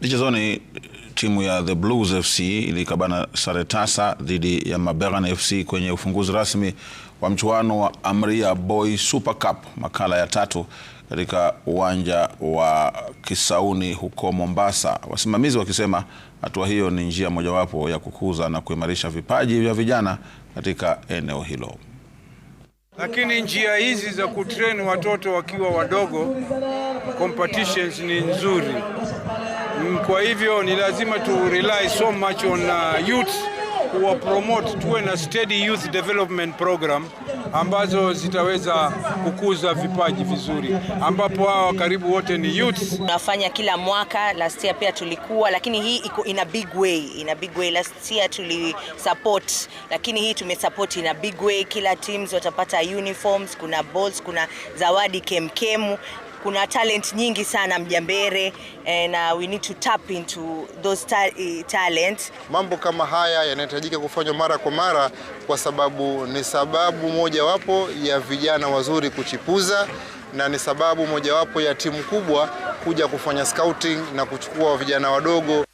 Michezoni, timu ya The Blues FC ilikabana sare tasa dhidi ya Maberan FC kwenye ufunguzi rasmi wa mchuano wa Amria Boy Super Cup, makala ya tatu katika uwanja wa Kisauni huko Mombasa, wasimamizi wakisema hatua hiyo ni njia mojawapo ya kukuza na kuimarisha vipaji vya vijana katika eneo hilo. Lakini njia hizi za kutrain watoto wakiwa wadogo, competitions ni nzuri. Mm, kwa hivyo ni lazima tu rely so much on uh, youth kuwa promote, tuwe na steady youth development program ambazo zitaweza kukuza vipaji vizuri, ambapo hawa karibu wote ni youth. Tunafanya kila mwaka, last year pia tulikuwa, lakini hii iko in a big way, in a big way. Last year tuli support, lakini hii tumesupport in a big way. Kila teams watapata uniforms, kuna balls, kuna zawadi kemkemu kuna talent nyingi sana Mjambere and uh, eh, we need to tap into those ta eh, talent. Mambo kama haya yanahitajika kufanywa mara kwa mara kwa sababu ni sababu mojawapo ya vijana wazuri kuchipuza na ni sababu mojawapo ya timu kubwa kuja kufanya scouting na kuchukua vijana wadogo.